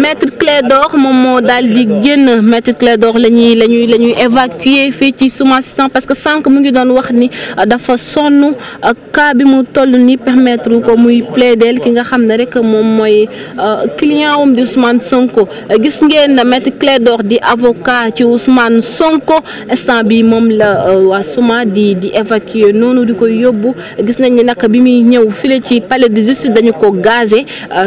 maître Clédor moom moo daal di génn maître Clédor la ñuy la ñuy la ñuy fii ci suma assistant parce que sànq mu ngi doon wax ni euh, dafa sonn euh, cas bi mu toll ni permettre ko muy plaider ki nga xam ne rek moom mooy euh, client wum di Ousmane Sonko gis ngeen maître Clédor di avocat ci Ousmane Sonko instant bi moom la waa suma di di évacuer noonu di koy yóbbu gis nañ ni nag bi muy ñëw file ci palais de justice dañu ko gazé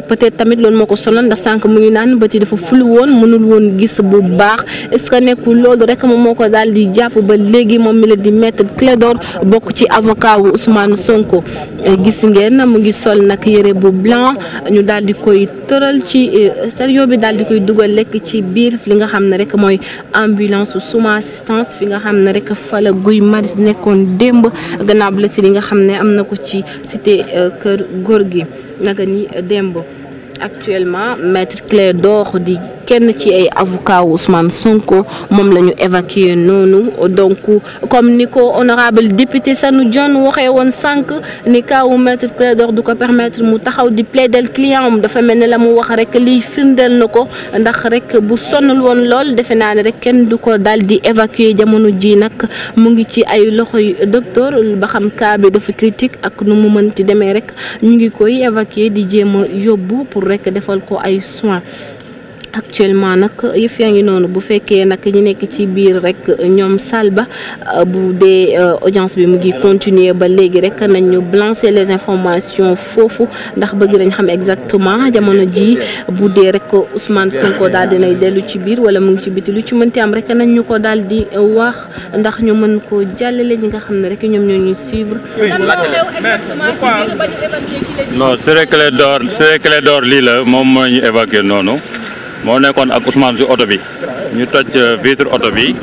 peut-être tamit loolu moo ko sonal ndax sànq mu ngi naan seetaan bët yi dafa fulu woon mënul woon gis bu baax est-ce que nekkul loolu rek moom moo ko daal di jàpp ba léegi moom mi la di maître Clédor bokk ci avocat wu Ousmane Sonko eh, gis ngeen mu ngi sol nag yére bu blanc ñu daal di koy tëral ci eh, stéréo bi daal di koy dugal lekk ci biir li nga xam ne rek mooy ambulance suma assistance fi nga xam ne rek fa la Guy Marius nekkoon démb gannaaw si li nga xam ne am na ko ci cité eh, kër góor gi naka ni démb actuellement maître Clédor di kenn ci ay avocat Ousmane Sonko moom la ñu évacué noonu donc comme ni ko honorable député Sanu John waxee woon sànq ni kaawu maître Clédor du ko permettre mu taxaw di del client am dafa mel ni la mu wax rek liy firndeel na ko ndax rek bu sonnul woon lool defe naa ne rek kenn du ko dal di évacué jamono ji nag mu ngi ci ay loxo docteur ba xam cas bi dafa critique ak nu mu mën ci demee rek ñu ngi koy évacué di jéem a yóbbu pour rek defal ko ay soins actuellement nag yëf yaa ngi noonu bu fekkee nag ñi nekk ci biir rek ñoom ba euh, bu dee euh, audience bi mu ngi continuer ba léegi rek nañ ñu balancer les informations foofu ndax bëgg nañ xam exactement jamono ji bu dee rek Ousmane ko daal dinay dellu ci biir wala mu ngi ci biti lu ci mën mënti am rek nañ ñu ko daal di wax ndax ñu mën ko jàllale ñi nga xam ne rek ñoom ñoo ñuy suivre. non Ciré Clédor Ciré door lii la moom moo ñu évacué noonu. moo nekkoon ak Ousmane si oto bi ñu toj euh, vitre oto bi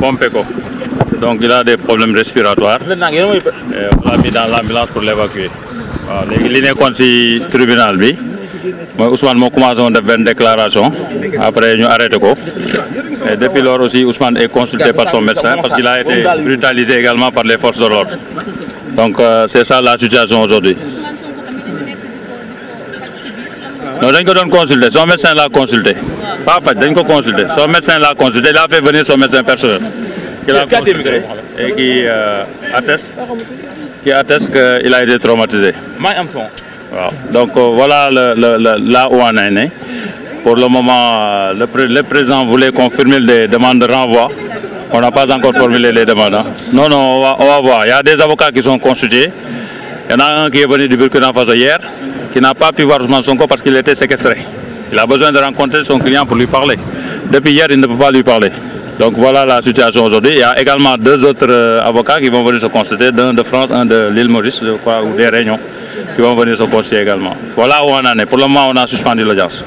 pompé ko donc il a des problèmes respiratoires on l'a mis dans l'ambulance pour l'évacuer waaw léegi li nekkoon si tribunal bi mooy Ousmane moo commencé woon def benn déclaration après ñu arrêté ko et depuis lors aussi Ousmane est consulté par son médecin parce qu'il a été brutalisé également par les forces de l'ordre donc euh, c'est ça la situation aujourd'hui dañ ko doon consulter son médecin l'a consulté pas faj dañ ko consulter son médecin l'a consulté il a fait venir son médecin personnel qui l'a consulté et qui euh, a été traumatisé donc euh, voilà le, le, le, là pour le moment euh, le président voulait qu'on formule des demandes de renvoi on n'a pas encore formulé les demandes non non on va, voir il a des avocats qui sont constitués il y a qui est venu du Burkina Faso hier qui n'a pas pu voir Ousmane Sonko parce qu'il était séquestré. Il a besoin de rencontrer son client pour lui parler. Depuis hier, il ne peut pas lui parler. Donc voilà la situation aujourd'hui. Il y a également deux autres euh, avocats qui vont venir se consulter, d'un de France, un de l'île Maurice, ou des Réunions, qui vont venir se consulter également. Voilà on en est. Pour le moment, on a suspendu l'audience.